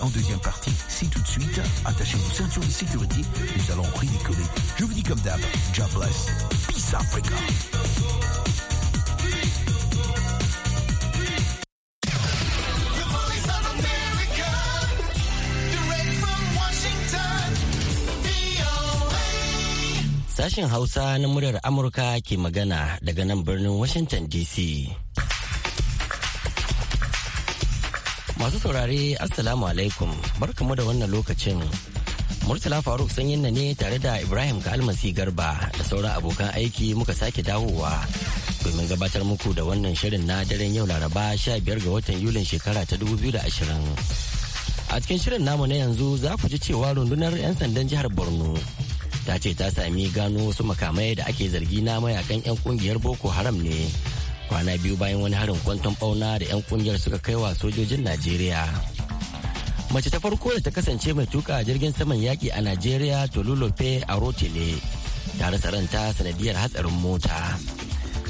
en deuxième partie. C'est tout de suite. Attachez vos ceintures de sécurité. Nous allons ridiculer. Je vous dis comme d'hab, God bless. Peace Africa. Sashen Hausa na muryar Amurka ke magana daga nan birnin Washington DC. Masu saurare Assalamu alaikum barkamu da wannan lokacin. Murtala Faruk sanyin na ne tare da Ibrahim Kalmasi Garba da sauran abokan aiki muka sake dawowa domin gabatar muku da wannan shirin na daren yau Laraba 15 ga watan Yulin shekara ta 2020. a cikin shirin namu na yanzu za ku ji cewa rundunar 'yan sandan jihar borno ta ce ta sami gano wasu makamai da ake zargi na mayakan 'yan kungiyar boko haram ne kwana biyu bayan wani harin kwanton bauna da 'yan kungiyar suka kai wa sojojin najeriya mace ta farko da ta kasance mai tuka jirgin saman yaƙi a najeriya tolulope a rotile ta rasa ranta sanadiyar hatsarin mota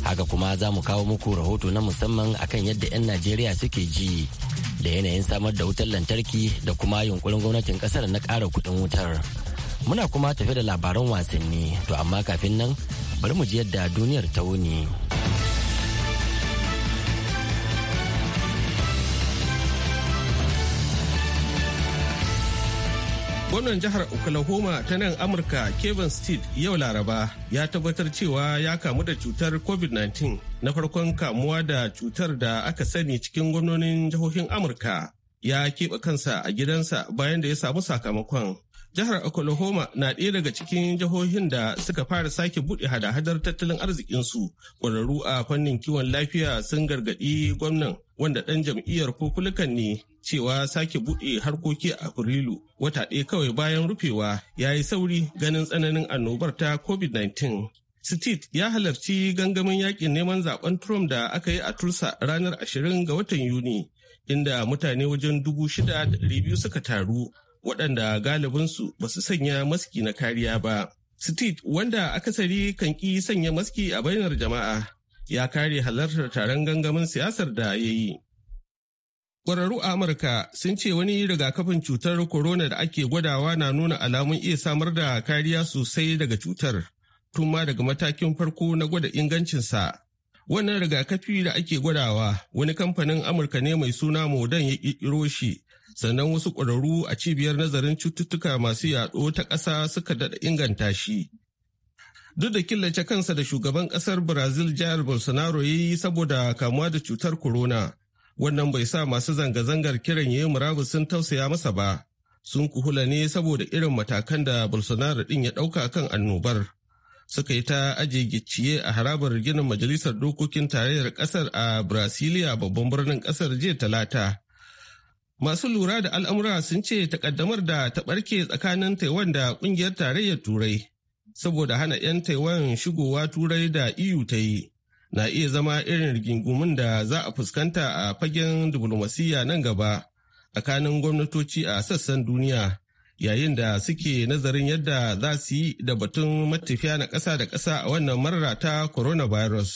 haka kuma za mu kawo muku rahoto na musamman akan yadda 'yan najeriya suke ji da yanayin samar da wutar lantarki da kuma yunkurin gwamnatin kasar na ƙara kuɗin wutar muna kuma tafi da labaran wasanni to amma kafin nan bari mu ji yadda duniyar ta wuni. Gwamnan jihar Oklahoma ta nan Amurka Kevin Steed yau Laraba ya tabbatar cewa ya kamu da cutar COVID-19 na farkon kamuwa da cutar da aka sani cikin gwamnonin jihohin Amurka ya keɓe kansa a gidansa bayan da ya samu sakamakon. Jihar Oklahoma na ɗaya daga cikin jihohin da suka fara sake buɗe hada-hadar tattalin arzikinsu. Ƙwararru a fannin kiwon lafiya sun gargaɗi gwamnan wanda ɗan jam'iyyar kokulukan ne cewa sake buɗe harkoki a Afrilu wata ɗaya kawai bayan rufewa ya yi sauri ganin tsananin annobar ta COVID-19. Steve ya halarci gangamin yakin neman zaben Trump da aka yi a Tulsa ranar 20 ga watan Yuni, inda mutane wajen dubu shida da biyu suka taru, waɗanda galibinsu ba su sanya maski na kariya ba. Steve wanda akasari kan ƙi sanya maski a bainar jama'a ya kare halartar taron gangamin siyasar da ya yi. Ƙwararru a Amurka sun ce wani rigakafin cutar corona da ake gwadawa na nuna alamun iya samar da kariya sosai daga cutar, tun ma daga matakin farko na gwada ingancinsa. Wannan rigakafi da ake gwadawa wani kamfanin Amurka ne mai suna Modan ya ƙirƙiro shi, sannan wasu ƙwararru a cibiyar nazarin cututtuka masu yaɗo ta ƙasa suka daɗa inganta shi. duk da killace kansa da shugaban kasar brazil jair bolsonaro ya yi saboda kamuwa da cutar corona wannan bai sa masu zanga-zangar kiran yi murabus sun tausaya masa ba sun kuhula ne saboda irin matakan da bolsonaro din ya dauka kan annobar suka yi ta aje gicciye a harabar ginin majalisar dokokin tarayyar kasar a brasilia babban birnin kasar jiya talata masu lura da al'amura sun ce takaddamar da ta barke tsakanin taiwan da kungiyar tarayyar turai saboda hana 'yan taiwan shigowa turai da eu ta yi na iya zama irin rigingumin da za a fuskanta a fagen diflomasiyya nan gaba tsakanin gwamnatoci a sassan duniya yayin da suke nazarin yadda za su yi da batun matafiya na ƙasa da ƙasa a wannan marar ta coronavirus.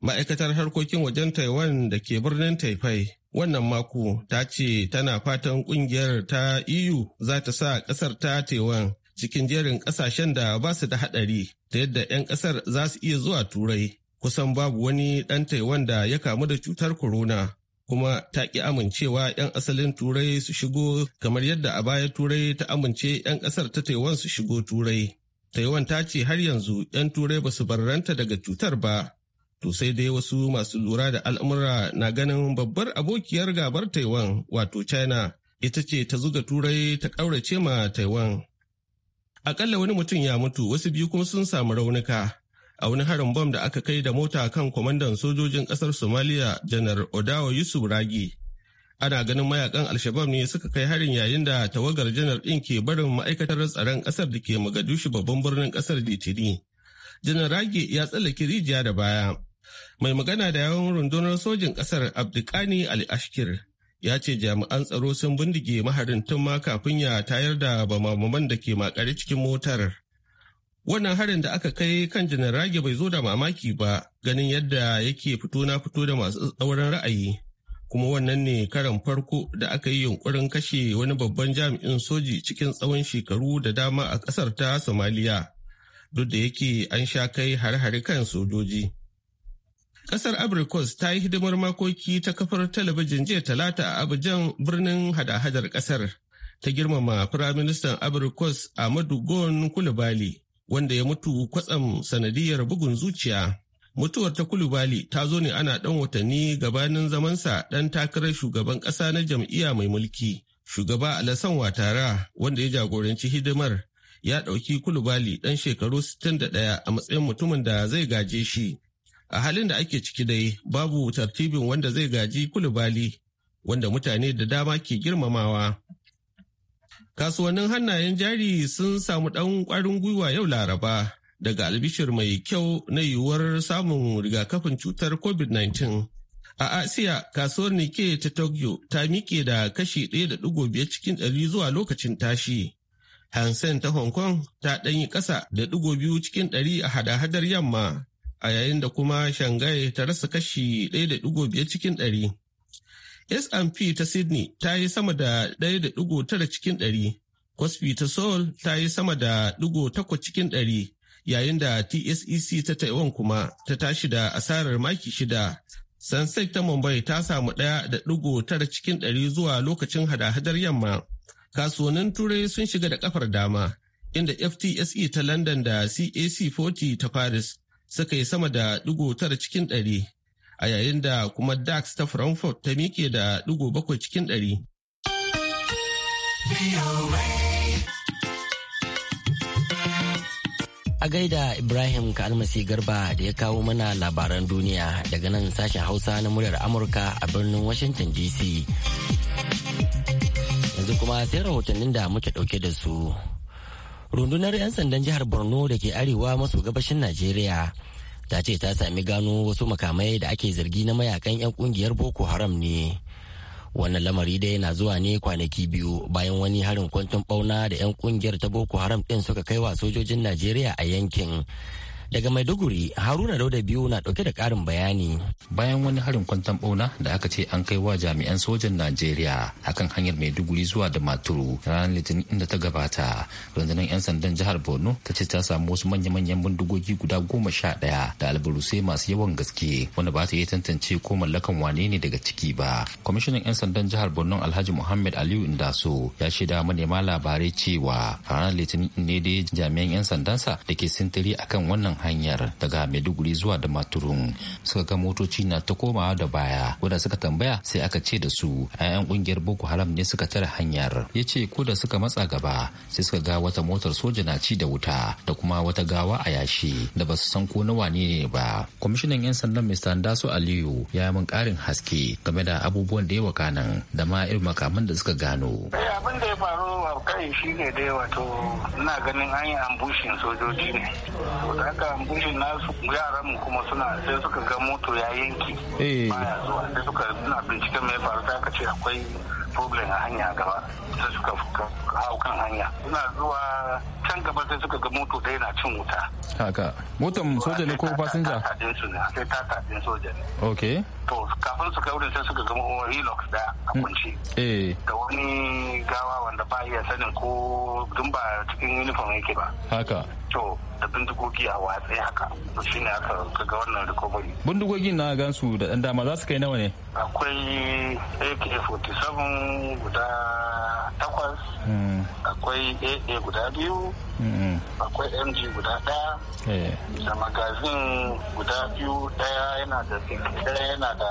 Ma'aikatar harkokin wajen Taiwan da ke birnin Taipei wannan mako ta ce tana fatan ƙungiyar ta EU za ta sa ƙasar ta Taiwan cikin jerin ƙasashen da ba su da haɗari ta yadda 'yan ƙasar za su iya zuwa turai kusan babu wani ɗan taiwan da ya kamu da cutar corona kuma ta ki amincewa 'yan asalin turai su shigo kamar yadda a baya turai ta amince 'yan ƙasar ta taiwan su shigo turai taiwan ta ce har yanzu 'yan turai ba su barranta daga cutar ba to sai dai wasu masu lura da al'amura na ganin babbar abokiyar gabar taiwan wato china ita ce ta zuga turai ta ƙaurace ma taiwan Akalla wani mutum ya mutu wasu biyu kuma sun samu raunuka a wani harin bom da aka kai da mota kan kwamandan sojojin ƙasar Somalia janar Odawa Yusuf Ragi. Ana ganin mayakan Alshabab ne suka kai harin yayin da tawagar janar ɗin ke barin ma'aikatar tsaron ƙasar da ke Mogadishu babban birnin ƙasar Litini. Janar Ragi ya tsallake rijiya da baya. Mai magana da yawon rundunar sojin ƙasar Abdulkani Ali Ashkir ya ce jami'an tsaro sun bindige maharin tun ma kafin ya tayar da bamaman da ke makare cikin motar. Wannan harin da aka kai kan janar rage bai zo da mamaki ba ganin yadda yake fito na fito da masu tsauran ra'ayi. Kuma wannan ne karan farko da aka yi yunkurin kashe wani babban jami'in soji cikin tsawon shekaru da dama a ƙasar ta Somaliya. Duk da yake an sha kai har-hare kan sojoji. Kasar Abrikos ta yi hidimar makoki ta kafar talabijin jiya talata a Abujan birnin hada-hadar ƙasar, ta girmama Firaministan Abrikos Ahmadu Gon Kulubali wanda ya mutu kwatsam sanadiyar bugun zuciya. Mutuwar ta Kulubali ta zo ne ana ɗan watanni gabanin zamansa ɗan takarar shugaban ƙasa na jam'iyya mai mulki. Shugaba Alasan Watara wanda ya jagoranci hidimar ya ɗauki Kulubali ɗan shekaru 61 a matsayin mutumin da zai gaje shi. a halin da ake ciki dai babu tartibin wanda zai gaji kulubali wanda mutane da dama ke girmamawa kasuwannin hannayen jari sun samu ɗan ƙwarin gwiwa yau laraba daga albishir mai kyau na yiwuwar samun rigakafin cutar covid-19 a asiya kasuwar nike ta tokyo ta miƙe da kashi ɗaya da 1.5 cikin ɗari zuwa lokacin tashi hansen ta hong kong ta ɗanyi ƙasa da ɗigo biyu cikin ɗari a hada-hadar yamma a yayin da kuma Shanghai ta rasa kashi 1.5 cikin ɗari. S&P ta Sydney ta yi sama da 1.9 cikin ɗari, cosby ta Seoul ta yi sama da 1.8 cikin ɗari, yayin da TSEC ta Taiwan kuma ta tashi da asarar maki shida. Sansek ta Mumbai ta samu ɗaya da ɗigo tara cikin ɗari zuwa lokacin hada-hadar yamma. Kasuwannin Turai sun shiga da ƙafar dama, inda FTSE ta London da CAC 40 ta Paris suka yi sama da digo tara cikin ɗari a yayin da kuma dax ta frankfurt ta mike da digo bakwai cikin ɗari. A gaida Ibrahim ka Almasi Garba da ya kawo mana labaran duniya daga nan sashen Hausa na muryar Amurka a birnin Washington DC. Yanzu kuma sai rahotannin da muke ɗauke da su. rundunar 'yan sandan jihar borno da ke arewa maso gabashin najeriya ta ce ta sami gano wasu makamai da ake zargi na mayakan 'yan kungiyar boko haram ne wannan lamari dai na zuwa ne kwanaki biyu bayan wani harin kwantun bauna da 'yan kungiyar ta boko haram din suka kai wa sojojin najeriya a yankin Daga Maiduguri, Haruna Dauda biyu na dauke da karin bayani. Bayan wani harin kwantan ɓauna da aka ce an kai wa jami'an sojan Najeriya akan hanyar Maiduguri zuwa da Maturu ranar Litinin inda ta gabata, rundunar 'yan sandan jihar Borno ta ce ta samu wasu manya-manyan bindigogi guda goma sha ɗaya da albarusai masu yawan gaske wanda ba ta iya tantance ko mallakan wane ne daga ciki ba. Kwamishinan 'yan sandan jihar Borno Alhaji Muhammad Aliyu Indaso ya shaida manema labarai cewa ranar Litinin ne dai jami'an 'yan sandansa da ke sintiri akan wannan hanyar daga maiduguri zuwa da maturun suka ga motoci na ta komawa da baya wanda suka tambaya sai aka ce da su ayan kungiyar boko haram ne suka tare hanyar ya ce ko da suka matsa gaba sai suka ga wata motar soja na ci da wuta da kuma wata gawa a yashi da ba su san ko na wane ne ba kwamishinan yan sandan mr ndaso aliyu ya yi min karin haske game da abubuwan da ya nan da ma irin makaman da suka gano eh, abin da ya faru a kai shi ne dai wato ina ganin an yi ambushin sojoji ne haka gudun nasu yaran mu kuma suna sai suka ga moto ya yanki eh. baya zuwa sai suka suna binciken mai faru sai aka ce akwai problem a hanya gaba sai suka hau kan hanya suna zuwa can gaba sai suka ga moto ɗaya na cin wuta haka motan soja ne ko fasinja sai ta tafin soja ne ok to kafin su kai wurin sai suka ga hilux da a mm. kunci eh. da wani gawa wanda ba iya sanin ko dun ba cikin uniform yake ba haka to da bindigogi a watsi haka to shine aka ga wannan recovery bindigogin na gansu da dan dama za su kai nawa ne akwai ak-47 guda takwas mm. akwai aa guda biyu akwai mg guda daya eh. da magazin guda biyu daya yana da daya yana da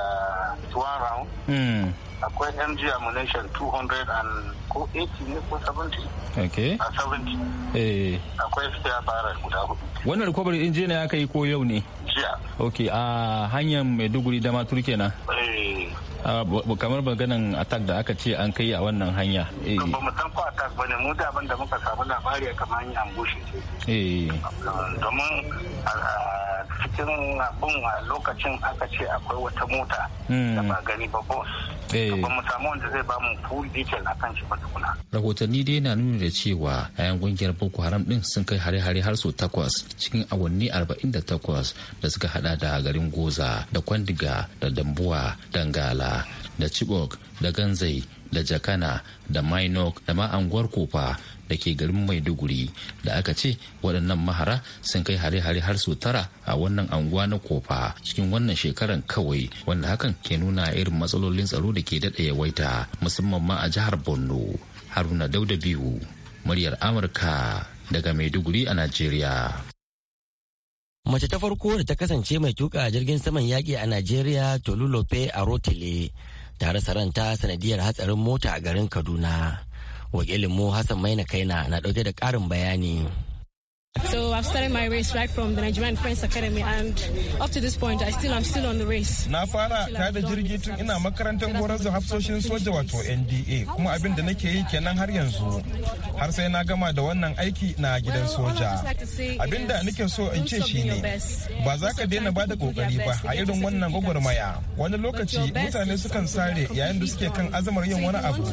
tuwan round mm. akwai mg ammunition 200 and ko 80 ne ko 70 okay. a 70 eh. akwai spare barrel guda hudu wannan recovery injina ya kai ko yau ne jiya ok a hanyar maiduguri da matur kenan eh kamar maganan attack da aka ce an kai a wannan hanya eh. ba mu san ko attack bane mu da abin da muka samu labari kamar hanyar an ce eh. domin cikin abin a lokacin aka ce akwai wata mota hmm. da ba gani ba bus eh. ba mu samu wanda zai ba mu full detail akan shi ba tukuna rahotanni dai na nuna da cewa yayan kungiyar boko haram din sun kai hare-hare har sau takwas cikin awanni arba'in da takwas da suka hada da garin goza da kwandiga da dambuwa dangala da chibok da ganzai da jakana da mainok da ma anguwar kofa da ke garin maiduguri da aka ce waɗannan mahara sun kai hare-hare har su tara a wannan anguwa na kofa cikin wannan shekaran kawai wanda hakan ke nuna irin matsalolin tsaro da ke daɗa yawaita musamman ma a jihar borno haruna dauda biyu muryar amurka daga maiduguri a najeriya mace ta farko da ta kasance mai tuka jirgin saman yaƙi a najeriya tolulope a rotile tare saranta sanadiyar hatsarin mota a garin kaduna wakilin mu hassan maina kaina na dauke da karin bayani so I've started my race right from the Nigerian Friends Academy and up to this point I still am still on the race. Na fara ta da jirgi tun ina makarantar horar da hafsoshin soja wato NDA kuma abin da nake yi kenan har yanzu har sai na gama da wannan aiki na gidan soja. Abin da nake so in ce shine ba za ka daina bada kokari ba a irin wannan gwagwarmaya. Wani lokaci mutane sukan sare yayin da suke kan azamar yin wani abu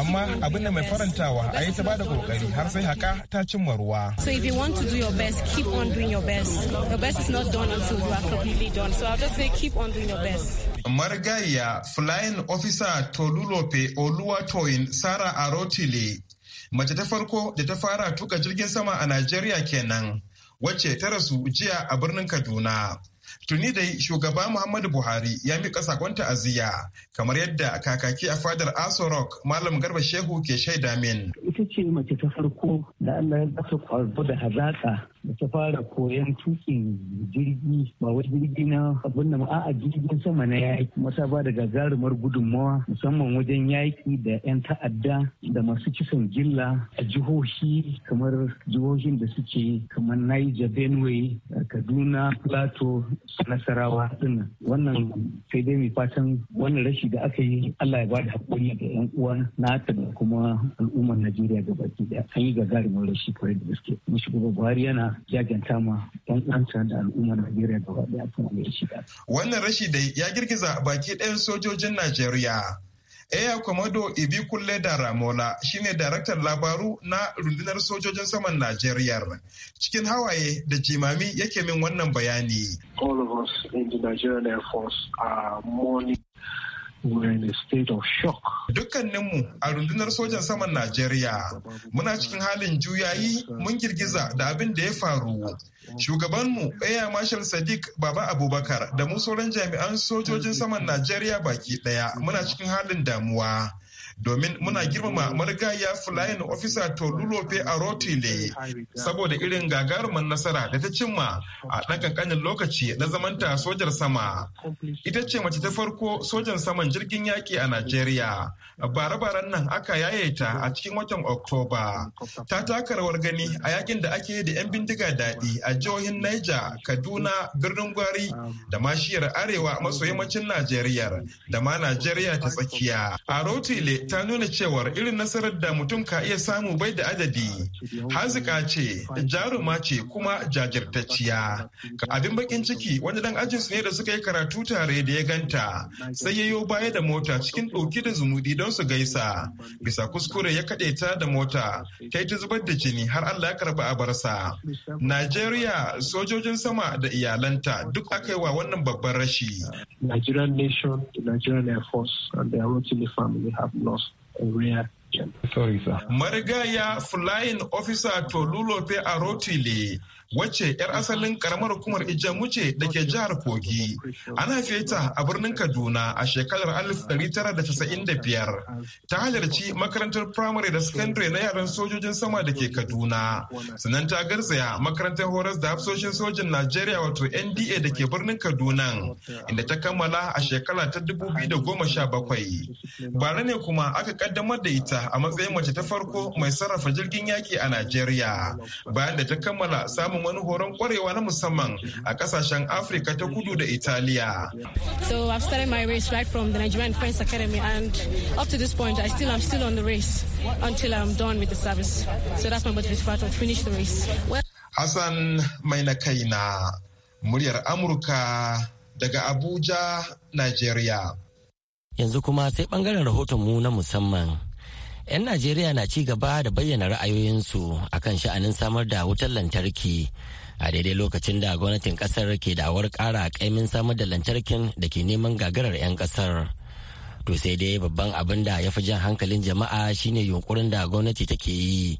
amma abin da mai farantawa a yi ta bada kokari har sai haka ta cimma ruwa. So if you want to do your your best. Keep on doing your best. Your best is not done until you are completely done. So I'll just say keep on doing your best. Flying Officer Tolulope Oluwatoyin Sara Arotile mace ta farko da ta fara tuka jirgin sama a Najeriya kenan wacce ta rasu jiya a birnin Kaduna. tuni da shugaba Muhammadu Buhari ya miƙa sakon ta'aziyya kamar yadda kakaki a fadar Aso Rock Malam Garba Shehu ke shaida min. Ita ce mace ta farko da Allah ya zata kwarbu da hazaƙa da ta fara koyon tukin jirgi ba wai jirgi na abin da a'a jirgin sama na yaƙi ta ba da gagarumar gudunmawa musamman wajen yaƙi da 'yan ta'adda da masu kisan gilla a jihohi kamar jihohin da suke kamar Niger Benue Kaduna Plateau nasarawa din wannan sai dai mai fatan wannan rashi da aka yi Allah ya ba da hakuri ga yan uwa nata da kuma al'ummar Najeriya ga baki da an yi gagarumin rashi kwarai da gaske mu gaba Buhari yana jaganta ma yan uwansa da al'ummar Najeriya gaba daya kan da wannan rashi da ya girgiza baki ɗayan sojojin Najeriya Air Komodo Ibi da Ramola shine daraktan labaru na rundunar sojojin saman Najeriya. Cikin hawaye da jimami yake min wannan bayani. All of us in the Nigerian Air Force are mourning were in a state of shock. Dukkaninmu a rundunar sojan saman Najeriya muna cikin halin juyayi mun girgiza da abin da ya faru. Shugabanmu Air Marshal Sadiq Baba Abubakar da mu sauran jami'an sojojin saman Najeriya baki daya muna cikin halin damuwa. domin muna girmama marigaya flying officer tolulope a rotile saboda irin gagarumin nasara da ta cimma a ɗan kankanin lokaci na zamanta sojar sama ita ce mace ta farko sojan saman jirgin yaƙi a najeriya bare baran nan aka yaye a cikin watan oktoba ta taka rawar gani a yakin da ake yi da 'yan bindiga daɗi a jihohin niger kaduna birnin gwari da mashiyar arewa maso yammacin najeriya da ma najeriya ta tsakiya a rotile ta nuna cewar irin nasarar da mutum ka iya samu bai da adadi. Hazika ce, jaruma ce kuma jajirtacciya. Abin bakin ciki wani dan su ne da suka yi karatu tare da ya ganta sai yayo baya da mota cikin ɗauki da zumudi don su gaisa. Bisa kuskure ya kaɗe ta da mota ta yi ta zubar da jini har Allah ya karba a barsa. Najeriya sojojin sama da iyalanta duk aka yi wa wannan babban rashi. Nigerian nation, the Nigerian Air Force and their family have lost rare Sorry, sir. Marigaya Flying Officer Tolulope Arotile wacce 'yar asalin karamar hukumar ijamu ce da ke jihar kogi Ana haife ta a birnin kaduna a shekarar 1995 ta halarci makarantar Primary da Secondary na yaran sojojin sama da ke kaduna sannan ta garzaya makarantar horas da hafsoshin sojin najeriya wato nda da ke birnin kaduna inda ta kammala a shekara ta 2017 bara ne kuma aka kaddamar da ita a matsayin mace ta farko mai sarrafa jirgin yaki a najeriya bayan da ta kammala samun samun wani horon kwarewa na musamman a kasashen Afrika ta kudu da Italiya. So I've started my race right from the Nigerian Friends Academy and up to this point I still am still on the race until I'm done with the service. So that's my motivation part of finish the race. Well Hassan mai na kaina muryar Amurka daga Abuja, Nigeria. Yanzu kuma sai bangaren rahoton mu na musamman. 'Yan Najeriya na ci gaba da bayyana ra'ayoyinsu akan sha'anin samar da wutar lantarki a daidai lokacin da gwamnatin kasar ke da'awar kara kaimin samar da lantarkin da ke neman gagarar 'yan kasar. To sai dai babban abin da ya fi jan hankalin jama'a shine yunkurin da gwamnati take yi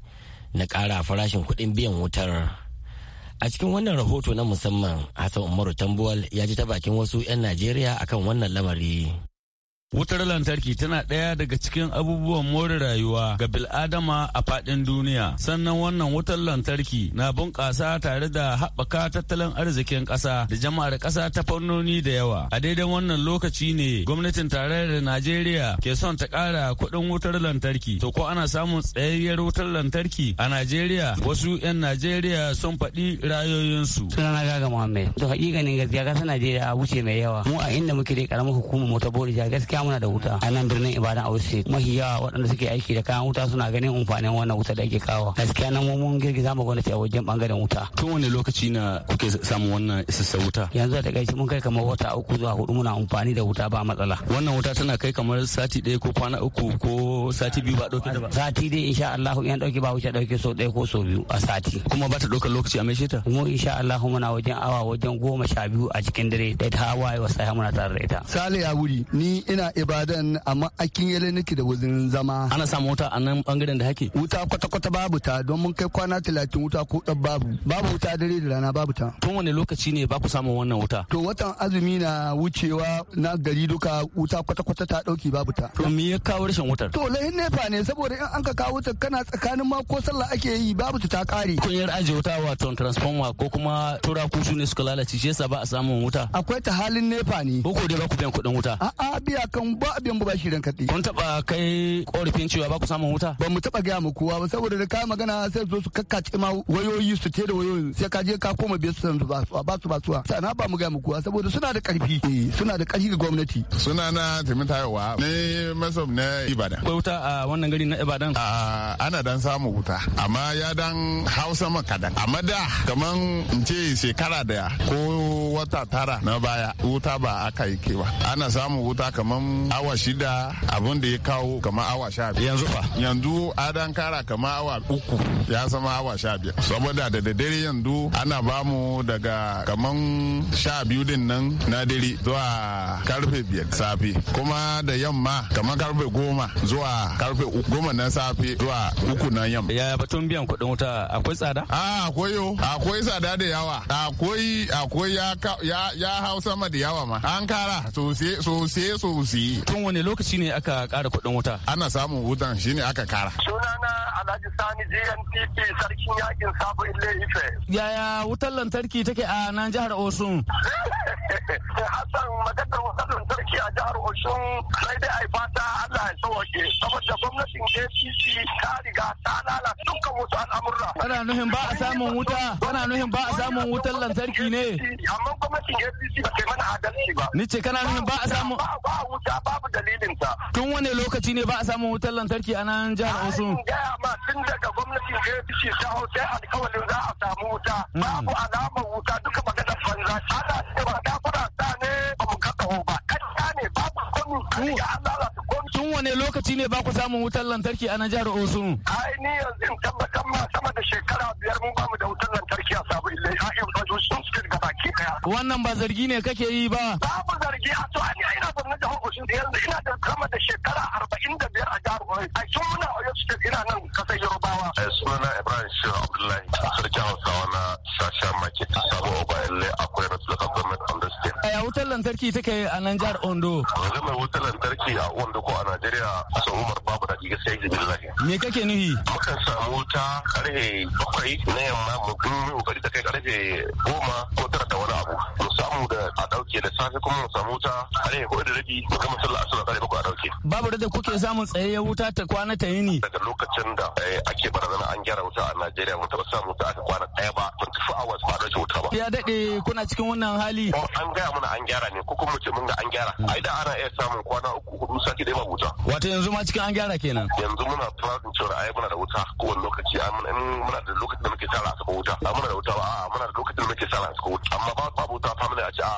na ƙara farashin kuɗin biyan wutar. A cikin wannan rahoto na musamman, Hassan Umaru Tambuwal ya ji ta bakin wasu 'yan Najeriya akan wannan lamari. Wutar lantarki tana ɗaya daga cikin abubuwan more rayuwa ga bil'adama a faɗin duniya. Sannan wannan wutar lantarki na bunƙasa tare da haɓaka tattalin arzikin ƙasa da jama'ar ƙasa ta fannoni da yawa. A daidai wannan lokaci ne gwamnatin tarayyar Najeriya ke son ta ƙara kuɗin wutar lantarki. To ko ana samun tsayayyar wutar lantarki a Najeriya? Wasu 'yan Najeriya sun faɗi rayoyinsu. na Gaga Muhammad. To hakikanin gaskiya ƙasar Najeriya a wuce mai yawa. Mu a inda muke da ƙaramar hukumar mu ta Borija gaskiya muna da wuta a nan birnin ibadan a wuce yawa waɗanda suke aiki da kayan wuta suna ganin amfanin wannan wuta da ake kawo gaskiya nan mun girgiza mu gwamnati a wajen bangaren wuta tun wani lokaci na kuke samun wannan isassa wuta yanzu da gaishe mun kai kamar wata uku zuwa hudu muna amfani da wuta ba matsala wannan wuta tana kai kamar sati ɗaya ko kwana uku ko sati biyu ba ɗauke da ba sati dai insha Allah in ɗauke ba wuce ɗauke so ɗaya ko so biyu a sati kuma ba ta ɗaukar lokaci a maishe ta mu insha Allah muna wajen awa wajen goma sha biyu a cikin dare da ta hawaye wasu muna tare da ita sale ya wuri ni ina ibadan amma akin yale nake da wurin zama ana samu wuta a nan bangaren da hake wuta kwata-kwata babu ta don mun kai kwana talatin wuta ko dan babu babu wuta dare da rana babu ta tun wani lokaci ne ba ku samu wannan wuta to watan azumi na wucewa na gari duka wuta kwata-kwata ta dauki babu ta to me ya kawo rashin wutar to lahin fa ne saboda in an ka kawo wutar kana tsakanin ma ko sallah ake yi babu ta kare kun yar aje wuta wato transformer ko kuma tura kusu ne suka lalace shi yasa ba a samun wuta akwai ta halin nefa ne ko ko dai ba ku biyan kuɗin wuta a'a biya ka kan ba abin ba shi ran kaɗai. kun taɓa kai korafin cewa ba ku samun wuta. ba mu taɓa gaya mu kowa ba saboda da kayan magana sai su su kakkace ma wayoyi su tere da wayoyin sai ka je ka koma biyar su sanzu ba su ba su sana ba mu gaya mu kowa saboda suna da ƙarfi eh, suna da ƙarfi ga gwamnati. suna na taimakawa ne masom na ibadan. akwai wuta a wannan gari na ibadan. ana dan samu wuta amma ya dan hausa makadan amma da kaman in ce shekara daya ko wata tara na baya wuta ba aka yi ke ba ana samun wuta kamar awa shida abin da ya kawo kamar awa sha biyar yanzu ba yanzu adan kara kamar awa uku ya zama awa sha biyar saboda da dare yanzu ana bamu daga kamar sha biyu din nan na dare zuwa karfe biyar safe kuma da yamma kamar karfe goma zuwa karfe goma na safe zuwa uku na yamma yaya batun biyan kuɗin wuta akwai tsada a ah, akwai yo akwai tsada da yawa akwai akwai ya ya hau sama da yawa ma an kara sosai sosai sosai tun wani lokaci ne aka kara kuɗin wuta ana samun wutan shine aka kara sunana alhaji sani gntp sarkin yakin sabo ile ife yaya wutar lantarki take a nan jihar osun hassan maganar wutar lantarki a jihar osun sai dai ai fata allah ya sauke saboda gwamnatin apc ta riga ta dukkan wasu al'amurra. Ana nuhin ba a samun wuta, Kana nuhin ba a samun wutar lantarki ne. Amma gwamnatin APC ba ta mana adalci ba. Ni ce kana nuhin ba a samun. Ba a wuta babu dalilin ta. Tun wane lokaci ne ba a samun wutar lantarki a nan jihar Osun? Gaya ma tun daga gwamnatin APC ta hau sai alkawalin za a samu wuta. Mm. Babu alamar wuta duka magana banza. Ana da Tun wane lokaci ne ba ku samun wutar lantarki a nan jihar Osun? Ai ni yanzu in tabbatar ma sama da shekara biyar mun ba mu da wutar lantarki a sabu illai a yau ba sun suke gaba baki daya. Wannan ba zargi ne kake yi ba? Babu zargi a to ai ina zaune da Osun da yanzu ina da sama da shekara arba'in da biyar a jihar Osun. Ai sun muna Oyo suke ina nan kasar Yorubawa. Sunana Ibrahim Shehu Abdullahi, sarki Hausawa na Sasha Market, Sabo ba Illai akwai lantarki take a nan jihar Ondo? mai wutar lantarki a Ondo ko a Najeriya sun umar babu da sai izini da Me kake nuhi? Mukan samu wuta karfe bakwai na yamma mu kun kokari ta kai karfe goma ko tara da wani abu. Mu samu da a ɗauke da safe kuma mu samu wuta karfe ko da rabi mu gama sallah asuba karfe bakwai a ɗauke. Babu da kuke samun tsayayyen wuta ta kwana ta yini. Daga lokacin da eh, ake barazana an gyara wuta a Najeriya mu taɓa samun wuta aka kwana ɗaya ba 24 hours ba dauke wuta ba. Ya daɗe kuna cikin wannan hali. An gaya mana an gyara ne ko kuma ce mun ga an gyara hmm. ai da ana iya samun kwana uku hudu sake dai ba wuta wato yanzu ma cikin an gyara kenan yanzu muna proud in cewa ai muna da wuta kowane lokaci muna da lokacin da muke sa ran saka wuta muna da wuta a muna da lokacin da muke sa ran saka wuta amma ba babu wuta family a ce a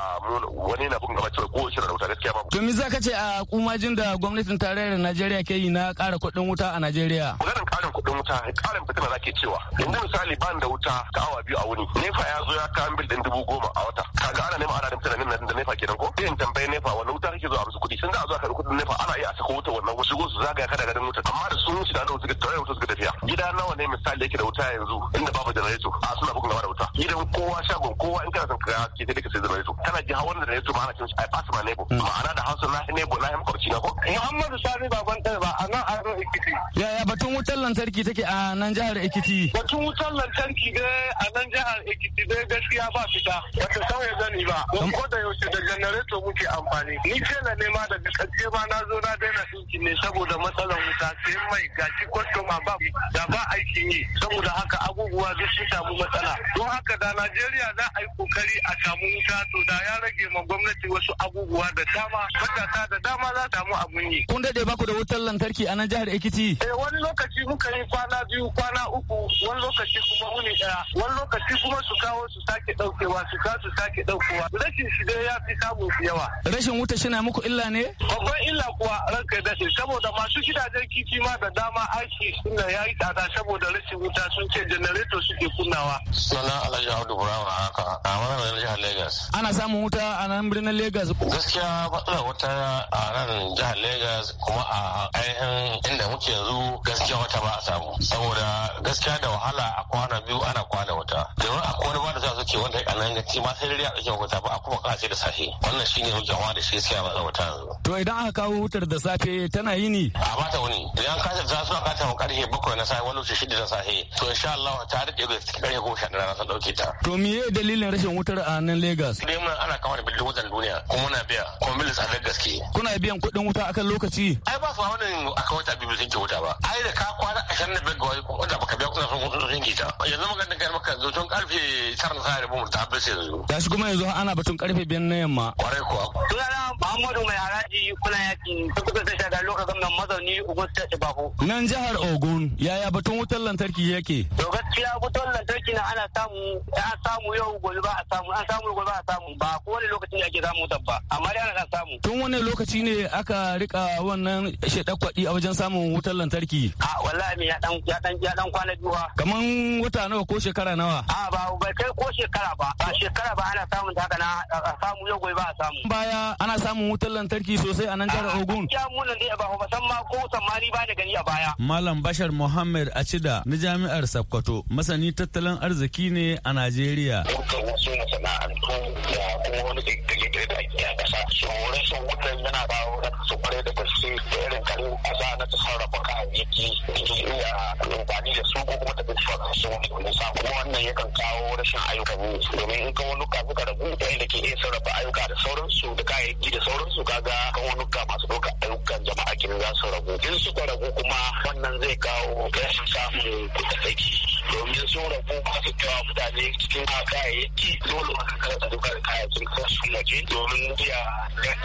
wani na bugun gaba cewa ko shi da wuta gaskiya ba. to me zaka ce a kumajin da gwamnatin tarayyar Najeriya ke yi na ƙara kuɗin wuta a Najeriya maganar ƙarin kuɗin wuta ƙarin fitina zake cewa yanzu misali ban da wuta ka awa biyu a wuni nefa ya zo ya kawo bil ɗin dubu goma a wata kaga ana nema ana da tunanin na da nefa kenan ko sai in tambaye nefa wannan wuta kake zuwa a musu kuɗi sun za a zuwa karɓi kuɗin nefa ana iya a saka wuta wannan wasu go su zagaya kada garin wuta amma da sun wuce da wuta suka tare wuta suka tafiya gida nawa ne misali yake da wuta yanzu inda babu janareto a suna bugun gaba da wuta gidan kowa shagon kowa in kana son ka haske sai ka sai janareto kana ji hawan da janareto ma ana cin a fasa ma nebo hmm. ma'ana da hausa na nebo na makwabci na ko Muhammadu Sani baban ɗaya ba a nan a Ekiti yaya batun wutar lantarki take a nan jihar Ekiti batun wutar lantarki dai a nan jihar Ekiti dai gaskiya ba fita wata sauya bai sani ba don ko da yaushe da janareto muke amfani ni tela ne ma da ƙarshe ma na zo na daina dinki ne saboda matsalar wuta sai mai gashi kwastoma ba da ba aikin yi saboda haka abubuwa duk sun samu matsala don haka da Najeriya za a yi kokari a samu wuta to da ya rage ma gwamnati wasu abubuwa da dama matasa da dama za ta samu abun yi. Kun daɗe ba ku da wutar lantarki a nan jihar Ekiti? Eh wani lokaci muka yi kwana biyu kwana uku wani lokaci kuma wuni ɗaya wani lokaci kuma su kawo su sake ɗaukewa su kawo su sake ake ɗaukowa rashin shi dai ya fi samun su yawa. Rashin wuta shi na muku illa ne? Babban illa kuwa ranka da shi saboda masu gidajen kifi ma da dama aiki suna ya yi tsada saboda rashin wuta sun ce janareto suke kunnawa. Suna Alhaji Audu Burawa haka a da jihar Legas. Ana samun wuta a nan birnin Legas. Gaskiya matsala wuta a nan jihar Legas kuma a ainihin inda muke yanzu gaskiya wata ba a samu saboda gaskiya da wahala a kwana biyu ana kwana wata. Domin akwai wani ba da za su ce wanda a nan gaci ma sai dare ɗauke wuta ba a kuma kawo sai da safe wannan shine hujja hujjawa da shi sai ba zama ta yanzu. to idan aka kawo wutar da safe tana yi ni. a ba ta wuni idan ka ta zuwa ka ta karfe bakwai na safe wani shi shida na safe to insha Allah ta rike da karfe goma sha ɗaya na ɗauke ta. to me ye dalilin rashin wutar a nan Lagos. dai mun ana kama da bildin wajen duniya kuma muna biya kuma bilis a gaske. kuna biyan kuɗin wuta akan lokaci. ai ba su wannan aka wata biyu sun ke wuta ba ai da ka kwana a shan da biyar ga wani wanda baka biya kuna son kuɗin sun ke ta yanzu magana kai maka zo tun karfe tara na safe da bamu ta abin sai yanzu. kuma yanzu ana batun karfe biyar na yamma. Kwarai kuwa. Sunana Muhammadu Mai Haraji kuna yakin ta kuka tasha ga lokacin nan mazauni Ogun State Bako. Nan jihar Ogun yaya batun wutar lantarki yake? To gaskiya wutar lantarki na ana samu an samu yau gobe ba a samu an samu gobe ba a samu ba ko wani lokaci ne ake samu wutar ba amma dai ana samu. Tun wani lokaci ne aka rika wannan shaɗa kwaɗi a wajen samun wutar lantarki? A wallahi me ya dan ya dan ya dan kwana biyu. Kaman wata nawa ko shekara nawa? A ba bai kai ko shekara ba ba shekara ba ana ana samun ta kana a samu yau gobe ba a samu. Baya ana samun wutar lantarki sosai a nan jihar Ogun. Ya munan dai ba ba san ma ko sammani ba da gani a baya. Malam Bashar Muhammad Acida na Jami'ar Sokoto masani tattalin arziki ne a Najeriya. Dukkan wasu masana'antu da kuma wani da ke da ake a wutar yana kawo su kware da gaske da irin karin kasa na ta sarrafa kayayyaki da amfani da su ko kuma ta fi su nisa kuma wannan yakan kawo rashin ayyukan yi domin in kawo nuka suka rabu da ke iya sarrafa ayyuka da sauransu da kayayyaki da sauransu kaga kawo nuka masu ɗauka ayyukan jama'a kin za su rabu in suka rabu kuma wannan zai kawo rashin samun kuɗaɗɗaki domin sun rabu ba su mutane cikin kayayyaki dole wani kasa da kayayyakin kasu waje domin biya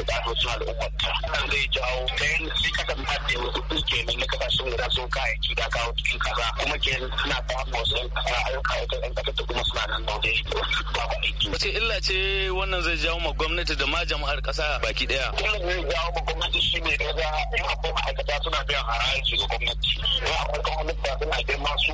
da su suna ta. zai jawo ta yanda sai kasa na da wasu kuke nan na kasashen guda sun ki da kawo cikin kasa kuma ke suna samun wasu yan kasa ayyuka ta yan kasa kuma suna nan da ba ba aiki. Wace illa ce wannan zai jawo ma gwamnati da ma jama'ar kasa baki daya? Illa zai jawo ma gwamnati shi ne daga in akwai ma'aikata suna biyan haraji ga gwamnati. In akwai gwamnati suna biyan masu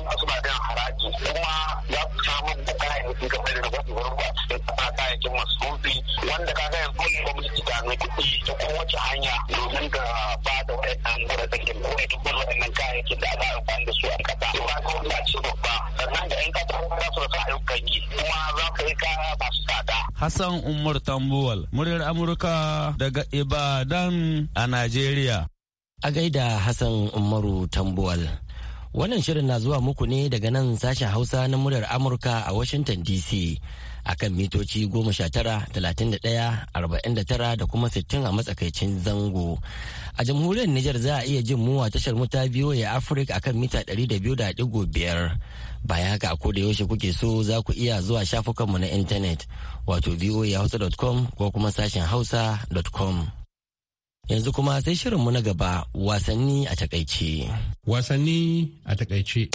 Hassan Umar Tambuwal, muryar Amurka daga Ibadan a Najeriya. A gaida Hassan Umaru Tambuwal. Wannan shirin na zuwa muku ne daga nan sashen Hausa na muryar Amurka a Washington DC. akan mitoci 19,31,49 da kuma 60 a matsakaicin zango. A jamhuriyar Nijar za a iya jin mu a tashar mu ta ya Afirka akan mita 200.5. Baya haka ko da yaushe kuke so za ku iya zuwa shafukanmu na intanet wato voahausa.com ko kuma sashen hausa.com. Yanzu kuma sai shirinmu na gaba wasanni a takaice. Wasanni a takaice.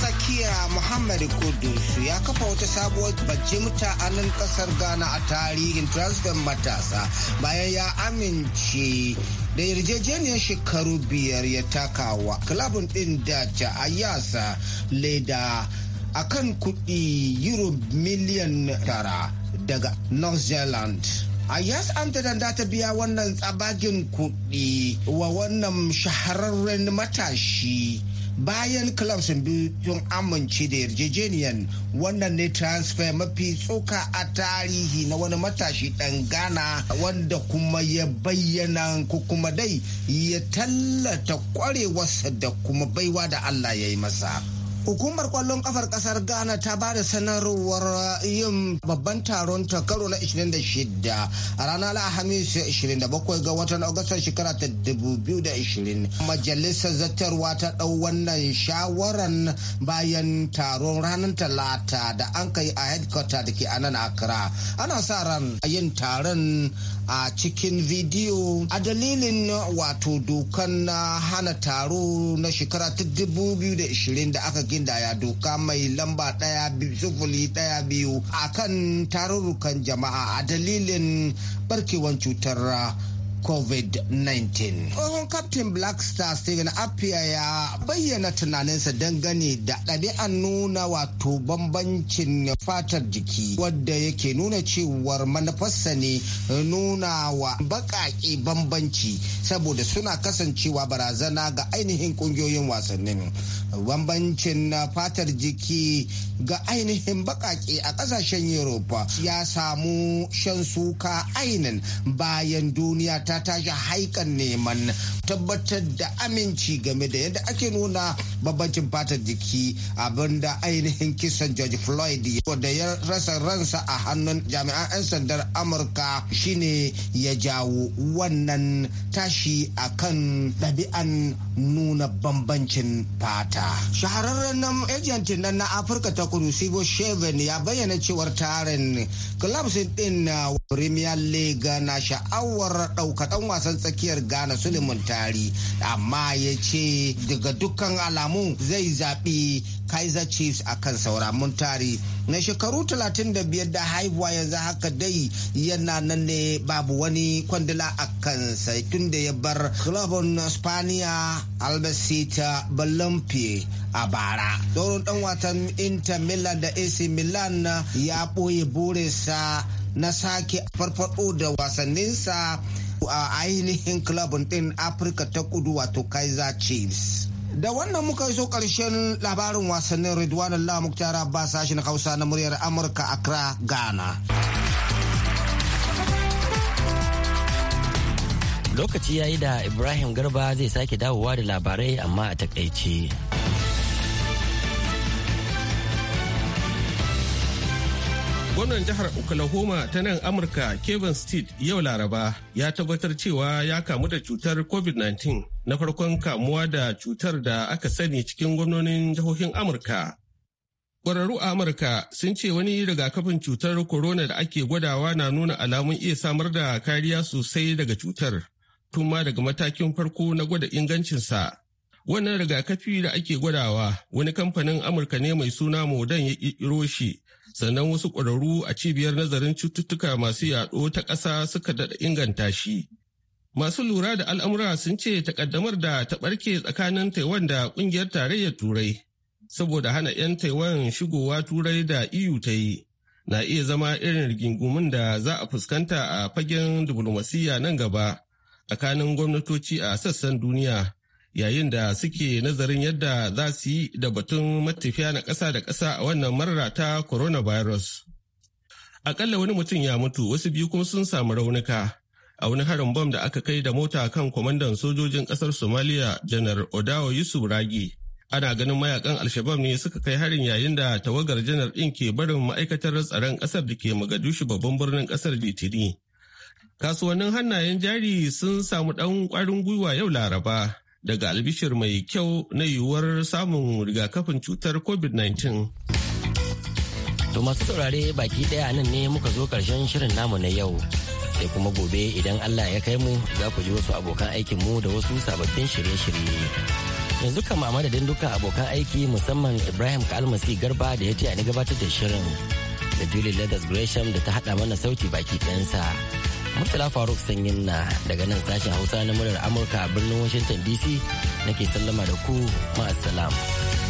tsakiya Muhammad Kudusu ya kafa wata sabuwar bajimta a nan kasar Ghana a tarihin transfer matasa bayan ya amince da yarjejeniyar shekaru biyar ya takawa kilabun ɗin da ja'ayasa leda a kan kudi euro miliyan tara daga North Zealand. a yas an ta biya wannan tsabagin kudi wa wannan shahararren matashi bayan club sun bi sun amince da yarjejeniyan wannan ne transfer mafi tsoka a tarihi na wani matashi dan ghana wanda kuma ya bayyana ko kuma dai ya tallata kwarewarsa da kuma baiwa da allah ya yi masa Hukumar kwallon kafar kasar Ghana ta ba da sanarwar yin babban taron ta karo na 26 a ranar Alhamis 27 ga watan Agustan shekara ta 2020. Majalisar zartarwa ta ɗau wannan shawaran bayan taron ranar Talata da an kai a headquarter da ke a nan Accra. Ana sa ran yin taron a cikin bidiyo a dalilin wato dokan na hana taro na shekara ta 2020 da aka gindaya doka mai lamba daya sufuli daya biyu a kan tarurrukan jama'a a dalilin barkewan cutar covid-19 tsohon captain black star steven appiah ya bayyana tunaninsa dangane da ɗabi'an nuna wato bambancin fatar jiki wadda yake nuna cewar manufarsa ne nuna wa baƙaƙe bambanci saboda suna kasancewa barazana ga ainihin ƙungiyoyin wasannin bambancin fatar jiki ga ainihin baƙaƙe a ƙasashen europa ya samu shan suka ainin bayan duniya ta ta tashi haikan neman tabbatar da aminci game da yadda ake nuna bambancin fatar jiki abinda ainihin kisan george floyd da ya rasa ransa a hannun jami'an 'yan sandar amurka shine ya jawo wannan tashi akan ɗabi'an nuna bambancin fata shahararren nan agent nan na afirka ta kudu sibo sheven ya bayyana cewar tarin clubs din uh, premier league na sha'awar ɗaukar jefa wasan tsakiyar Ghana Suleiman Tari amma ya ce daga dukkan alamu zai zaɓi Kaiser Chiefs a kan sauramun tari na shekaru 35 da haihuwa yanzu haka dai yana nan ne babu wani kwandila a kan tun da ya bar Clubon Spaniya Albacete Balampe a bara. Doron dan watan Inter Milan da AC Milan ya ɓoye burinsa na sake farfado da wasanninsa a ainihin klabin din afirka ta kudu wato kaiser chiefs da wannan muka so karshen labarin wasannin ridwan allah ba abbas sashen hausa na muryar amurka accra ghana lokaci ya yi da ibrahim garba zai sake dawowa da labarai amma a takaice Gwamnan jihar Oklahoma ta nan Amurka Kevin Steed yau Laraba ya tabbatar cewa ya kamu da cutar COVID-19 na farkon kamuwa da cutar da aka sani cikin gwamnonin jihohin Amurka. Ƙwararru a Amurka sun ce wani rigakafin cutar corona da ake gwadawa na nuna alamun iya samar da kariya sosai daga cutar, tun daga matakin farko na gwada ingancinsa. Wannan rigakafi da ake gwadawa wani kamfanin Amurka ne mai suna Modan ya ƙirƙiro shi sannan wasu ƙwararru a cibiyar nazarin cututtuka masu yaɗo ta ƙasa suka daɗa inganta shi. Masu lura da al'amura sun ce takaddamar da ta ɓarke tsakanin Taiwan da ƙungiyar tarayyar Turai, saboda hana 'yan Taiwan shigowa Turai da EU ta yi, na iya zama irin rigingumin da za a fuskanta a fagen diflomasiyya nan gaba tsakanin gwamnatoci a sassan duniya yayin da suke nazarin yadda za su yi da batun matafiya na ƙasa da ƙasa a wannan marar ta coronavirus. Akalla wani mutum ya mutu wasu biyu kuma sun samu raunuka a wani harin bom da aka kai da mota kan kwamandan sojojin ƙasar Somalia janar Odawo Yusuf Ragi. Ana ganin mayakan Alshabab ne suka kai harin yayin da tawagar janar ɗin ke barin ma'aikatar tsaron ƙasar da ke Mogadishu babban birnin ƙasar Litini. Kasuwannin hannayen jari sun samu ɗan ƙwarin gwiwa yau Laraba. daga albishir mai kyau na yiwuwar samun rigakafin cutar covid-19. To masu saurare baki daya nan ne muka zo karshen shirin namu na yau. Sai kuma gobe idan Allah ya kai mu za ku ji wasu abokan aikin mu da wasu sababbin shirye-shirye. Yanzu kama madadin duka abokan aiki musamman Ibrahim Kalmasi Garba da ya taya ni gabatar da shirin da Julie Leathers Gresham da ta haɗa mana sauti baki ɗansa. Murtala Faruk Sanyin na daga nan sashen Hausa na murar Amurka a birnin Washington DC nake sallama da ku ma'asalam.